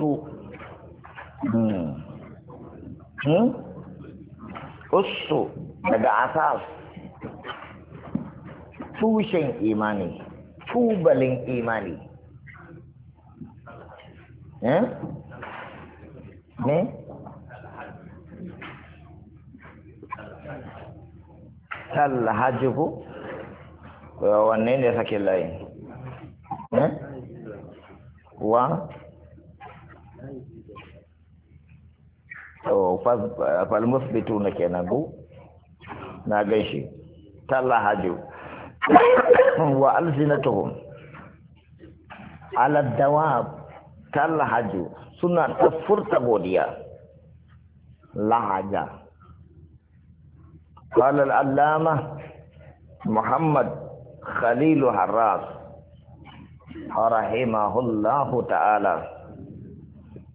to hmm, hmm? usu daga asas tushen imani tubalin imani ne hmm? talhajibu wanne ne sakin layi wa to falmusbituna kenan ko na gaishe talla haju wa alsinatuhum ala dawab talla haju suna ta furta godiya lahaja قال العلامة محمد خليل حراس رحمه الله تعالى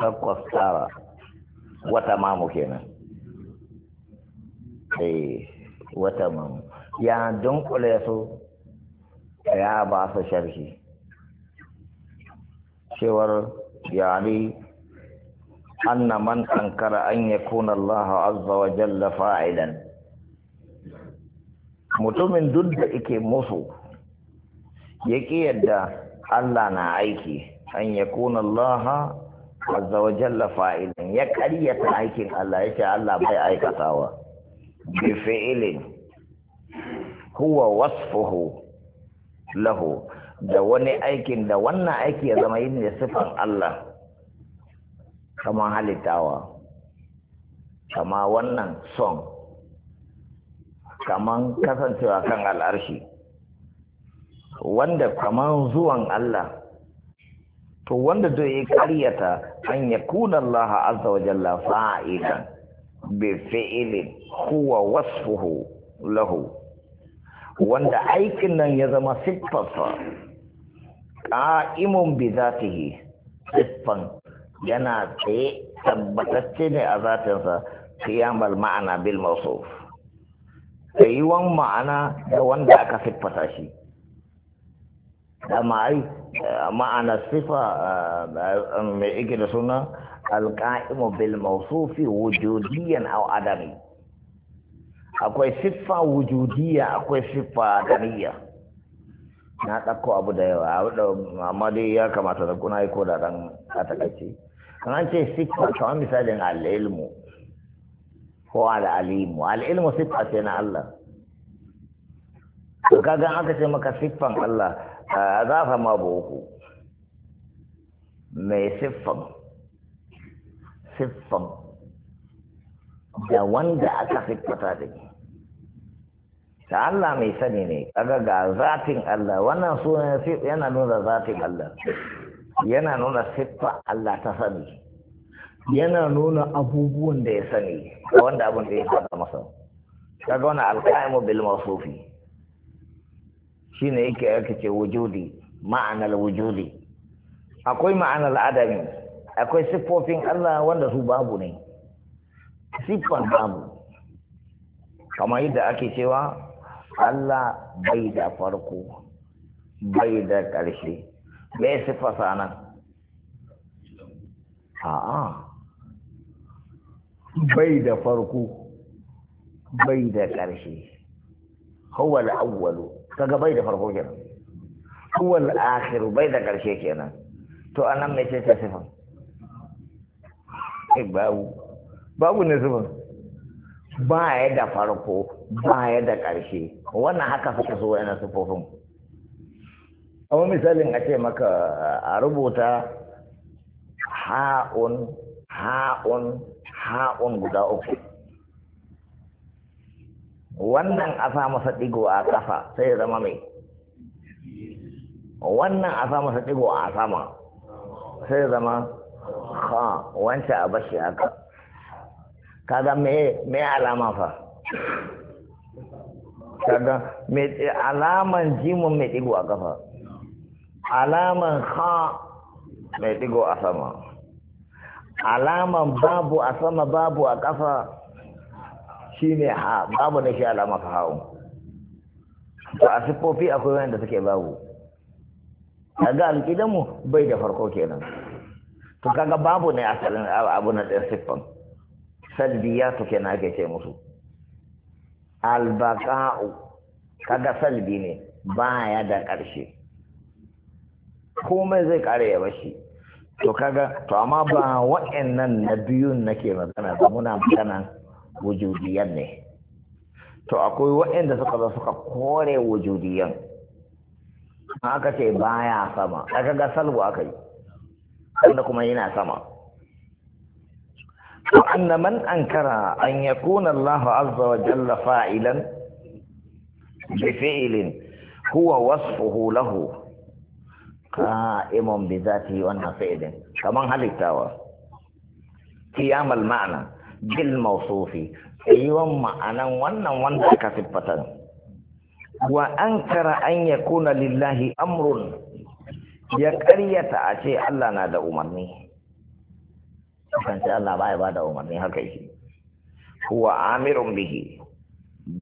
takwas tara wata mamu kenan eh wata mamu ya dunkule su ya ba su sharhi cewar yani anna man ankara an yakuna Allah azza wa jalla fa'ilan mutumin duk da yake musu ya yadda Allah na aiki an yakuna Allah azza wa jalla fa'ilan ya karyata aikin Allah yake Allah bai aikatawa bi fi'ilin huwa wasfuhu lahu da wani aikin da wannan aiki ya zama yin da sifan Allah kama halittawa kama wannan son kaman kasancewa kan al'arshi wanda kaman zuwan Allah to wanda da ya karyata an ya kuna Allah azza wa jalla fa'ilan bi fi'ilin huwa wasfuhu lahu wanda aikin nan ya zama siffarsa qa'imun bi zatihi siffan yana tsaye tabbatacce ne a zatinsa kiyamal ma'ana bil mawsuf wan ma'ana da wanda aka siffata shi dama ai eh, ma'ana sifa eh, eh, mai ike da suna alƙa'imu bil mausufi wujudiyan au adami akwai siffa wujudiya akwai siffa adamiya na ɗauko abu da yawa amma dai ya kamata da kuna yi ko da ɗan a kan an ce siffa kamar misalin al'ilmu ko al'alimu al'ilmu siffa ce na Allah to kaga aka ce maka siffan Allah a zafa ma uku me siffan siffan da wanda aka fitata da ni, ta Allah mai sani ne kaga ga zatin Allah wannan sunan yana nuna zatin Allah yana nuna siffa Allah ta sani yana nuna abubuwan da ya sani wanda abin da ya fada masa kaga wannan alqaimu bil mawsufi shine yake aka ce wujudi ma'anar wujudi akwai ma'anar adami akwai siffofin Allah wanda su babu ne siffan babu kamar yadda ake cewa Allah bai da farko bai da ƙarshe bai siffarsa nan a'a bai da farko bai da ƙarshe hawa al'awwalu kaga bai da farko kenan huwal akhiru bai da karshe kenan to anan me ce ta sifa eh, babu babu ne sifa ba ya da farko ba ya da karshe wannan haka suka so yana sifofin amma misalin a ce maka a rubuta ha'un ha'un ha'un guda uku wannan a sa masa digo a kafa sai ya zama mai wannan a sa masa digo a sama sai ya zama ha wancan a bashi haka kaga me alama fa kaga me alaman jimun mai digo a kafa alaman ha mai digo a sama alaman babu a sama babu a kafa shi ne ha babu na shi alama ka hawo to a siffofi akwai wanda suke babu kaga alƙidanmu bai da farko kenan to kaga babu ne asalin abu na ɗan siffan salbiyatu na ake ce musu albaka'u kaga salbi ne baya da ƙarshe komai zai ƙare ya bashi to kaga to amma ba wa'annan na biyun nake magana ba muna magana wujudiyan ne to akwai waɗanda suka zo suka kore wujudiyan aka ce baya sama aka ga salwa aka yi wanda kuma yana sama وأن من أنكر أن يكون الله عز وجل فاعلا بفعل هو وصفه له قائم بذاته وأنه فعل كمان هل التاوى قيام المعنى bil mawsufi ayyuwan ma'anan wannan wanda aka siffata wa ankara an yakuna lillahi amrun ya ƙaryata a ce Allah na da umarni kan Allah ba ya ba da umarni haka yake huwa amirun bihi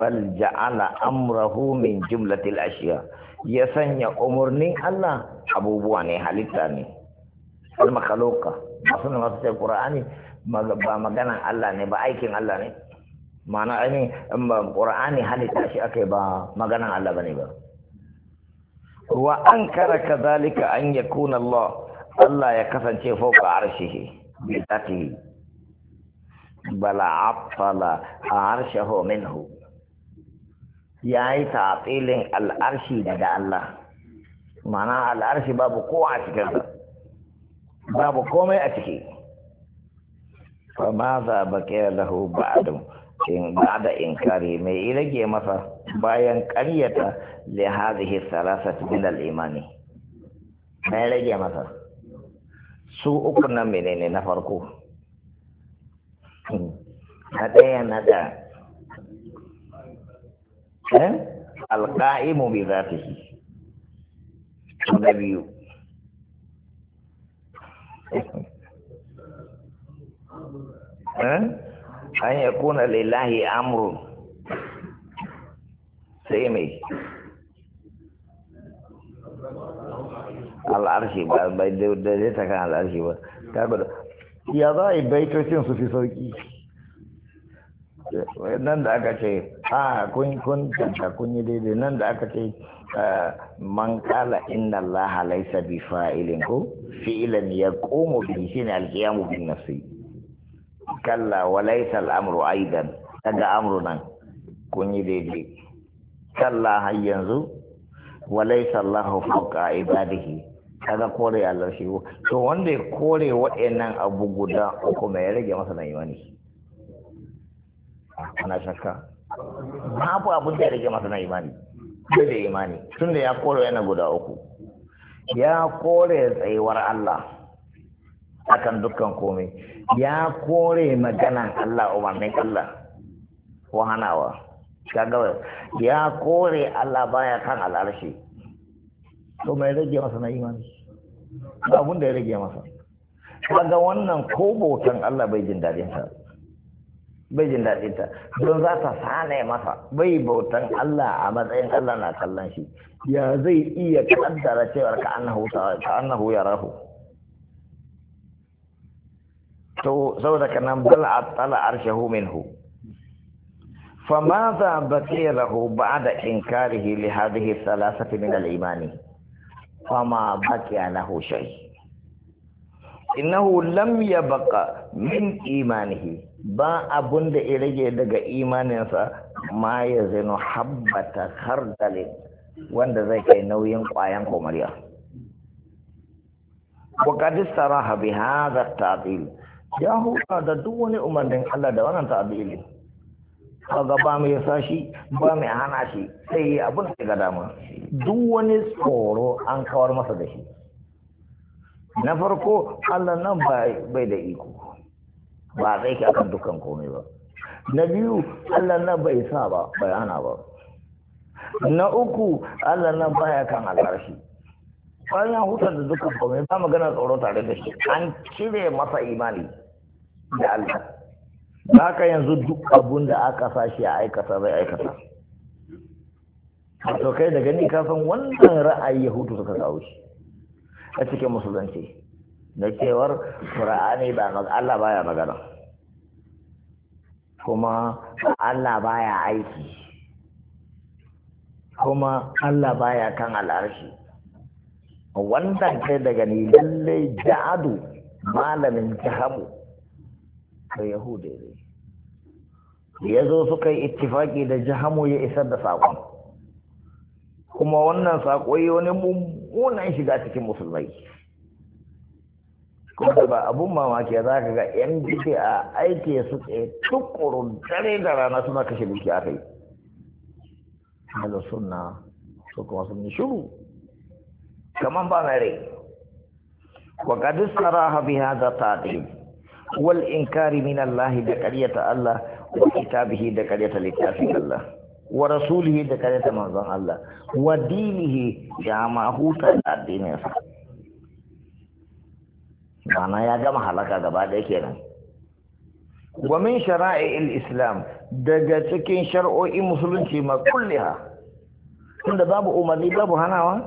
bal ja'ala amrahu min jumlatil ashiya ya sanya umarnin Allah abubuwa ne halitta ne al makhluqa masu ne masu qur'ani ba maganan Allah ne ba aikin Allah ne ma'ana ainihin ƙura'ani halitta shi aka ba maganan Allah ba ne ba wa an kara ka zalika an ya kuna Allah Allah ya kasance fauka arshihi bi zatihi bala afala arshahu minhu ya yi tafilin al'arshi daga Allah ma'ana al'arshi babu kowa a cikinsa babu komai a ciki famaza bakera lahu ba'du in ba'da inkari me rage masa bayan karyata li hadhihi thalathati min al-imani me rage masa su uku nan menene na farko na na da eh alqa'imu bi zatihi na biyu Eh? an ya kuna lillahi amrun sai mai al'arshi ba bai daidai ta kan al'arshi ba ta gudu ya za a yi baitocin su fi sauki nan da aka ce a kun kun tanta kun yi daidai nan da aka ce man kala inna allaha laysa bi fa'ilin ko fi'lan yaqumu bihi shine al-qiyamu bin nafsi kalla walaita al’amuru aidan daga amuru nan kun yi daidai kalla har yanzu walaita Allahu fawqa ibadihi kaga kore Allah shi to wanda ya kore waɗannan abu guda uku mai rage masa na imani ana shakka babu abu da ya rage masa na imani bai da imani tunda ya kore yana guda uku ya kore tsayuwar Allah akan dukkan komai ya kore maganan Allah umarnin Allah ko hanawa kaga ya kore Allah baya kan al'arshi to mai rage masa na imani abun da ya rage masa kaga wannan ko bautan Allah bai jin dadin sa bai jin dadin ta don za ta sane masa bai bautan Allah a matsayin Allah na kallon shi ya zai iya kaddara cewa ka annahu ta annahu to saboda kanan bala atala arshahu minhu famaza bakiya lahu ba'da inkarihi li hadhihi thalathati min al-imani fama bakiya lahu shay innahu lam yabqa min imanihi ba abun da rage daga imaninsa ma ya zinu habbata khardalin wanda zai kai nauyin kwayan komariya wa qad istaraha bi hadha at ya huta da duk wani umarnin Allah da wannan ta'abili kaga ba mai yasa shi ba mai hana shi sai yi abin da ga dama duk wani tsoro an kawar masa da shi na farko Allah nan bai da iko ba zai ki akan dukkan komai ba na biyu Allah nan bai sa ba bai hana ba na uku Allah nan baya kan alƙarshi bayan hutar da dukkan komai ba magana tsoro tare da shi an cire masa imani da Allah ka yanzu duk abun da aka sashi a aikata bai aikata to kai da gani ka san wannan ra'ayi yahudu suka kawo shi a cikin musulunci da cewar qur'ani ba Allah baya magana kuma Allah baya aiki kuma Allah baya kan al'arshi wannan kai da gani lallai ja'adu malamin jahabu da yahude ne ya zo suka yi ittifaki da jihamu ya isar da saƙon kuma wannan saƙo yi wani mummunan shiga cikin musulmai kuma ba abun mamaki za ka ga yan jiki a aiki su tsaye tukurun dare da rana suna kashe duki a kai hada suna su kuma sun yi shuru kamar ba mai rai wa kadis sara habi hada ta wal inkari min Allah da ƙaryata Allah wa kitabihi da ƙaryata littafin Allah wa rasulihi da ƙaryata manzon Allah wa dinihi ya ma huta addininsa ma'ana ya gama halaka gaba ɗaya kenan wa min shara'il islam daga cikin shar'o'i musulunci ma kulliha tunda babu umarni babu hanawa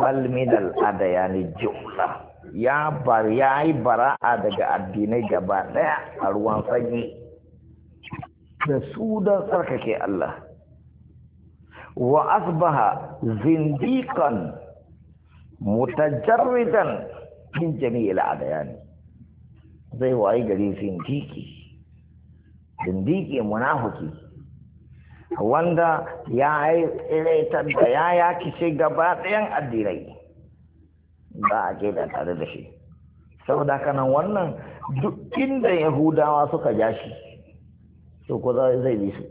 bal min al adayani jumla ya bar ya yi bara'a daga addinai gaba daya a ruwan sanyi da su don tsarkake Allah wa asbaha zindikan mutajarridan min jami'il adayani zai wayi gari zindiki zindiki munafiki wanda ya yi tsiraitar da ya yaki ce gaba ɗayan addinai ba a ke da tare da shi saboda haka nan wannan duk inda yahudawa suka ja shi to ko zai bi su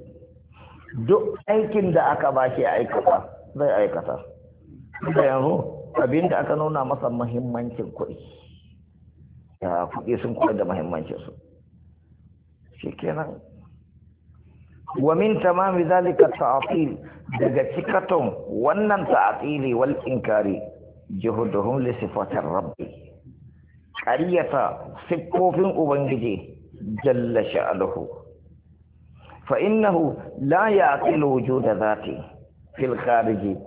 duk aikin da aka ba shi aikata zai aikata da yanzu abin da aka nuna masa mahimmancin kuɗi ya kuɗi sun kuɗi da mahimmancin su shi kenan wa min tamami zalika ta'til daga cikaton wannan ta'tili wal inkari juhuduhum li sifatir rabbi ƙaryata siffofin ubangiji jalla sha'aluhu fa innahu la yaqilu wujuda zati fil khariji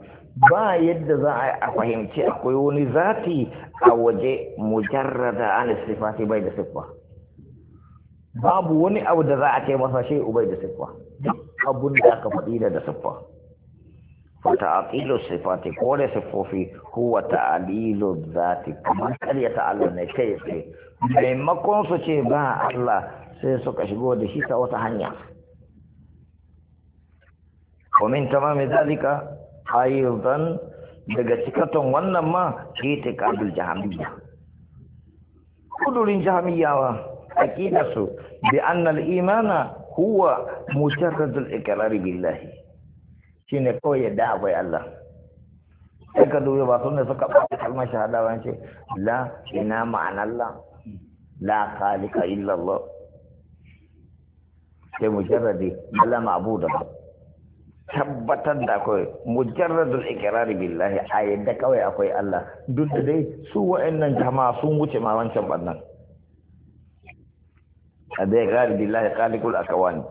ba yadda za a fahimci akwai wani zati a waje mujarrada an sifati bai da siffa babu wani abu da za a ce masa shi ubai da siffa abun da aka faɗi da da siffa وتعطيل الصفات كل صفوفي هو تعليل الذات كما كان يتعلل نكيف maimakon su ce ba Allah sai suka shigo da shi ta wata hanya ومن تمام ذلك ايضا daga cikaton wannan ma itiqadul jahamiyya kudurin jahamiyyawa aqidatu bi anna al-imana huwa mujarradul iqrar billahi shi ne kawai yadda akwai Allah sai ka dubi ba sun ne suka ɓata kalmar shahada ba ce la ina ma'an Allah la khaliqa illa Allah sai mujarradi Allah da ba tabbatar da akwai mujarradul iqrar billahi a yadda kawai akwai Allah duk da dai su wa'annan jama'a sun wuce ma wancan bannan a da iqrar billahi khaliqul akwani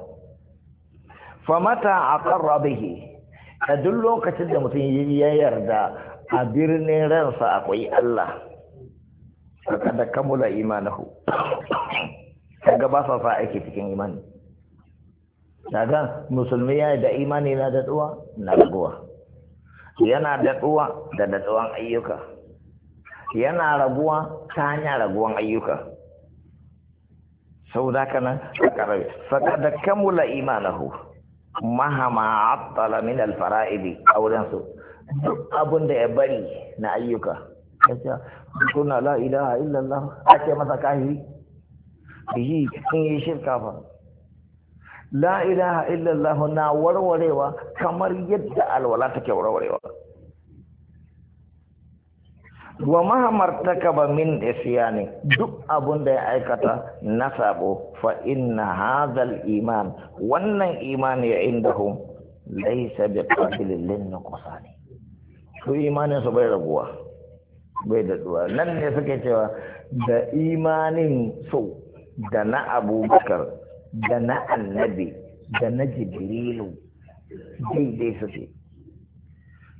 famata ƙarra bihi a duk lokacin da mutum ya yarda a birnin ransa akwai Allah saka da kamula imanahu kaga ba sa ake cikin imani kaga musulmi yana da imani na daɗuwa na raguwa yana daɗuwa da daɗuwan ayyuka yana raguwa ta hanyar raguwan ayyuka sau da kana da kamula imanahu mahama attala min alfara'idi a su duk abin da ya bari na ayyuka yace kuna la ilaha illallah ake masa kahiri bihi sun yi shirka fa la ilaha illallah na warwarewa kamar yadda alwala take warwarewa wa mahamar ba min isyani duk abun da ya aikata na sabo fa inna hadhal iman wannan iman imani indahum laysa biqabilin lin nuqsani su imanin su bai raguwa bai da duwa nan ne suke cewa da imanin su da na abubakar da na annabi da na jibrilu daidai suke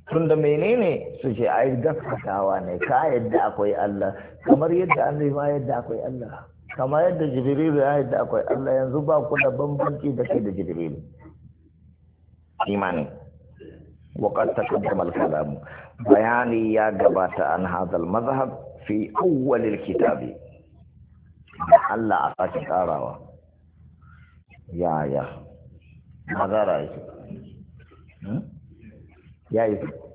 tunda menene su ce ai gaskatawa ne ka yadda akwai Allah kamar yadda an ma yadda akwai Allah kamar yadda jibrilu ya yadda akwai Allah yanzu ba ku da bambanci da kai da jibrilu imani wa qad taqaddama al-kalam bayani ya gabata an hadal mazhab fi awwal al-kitab Allah a sake karawa ya ya nazara yake hmm? e aí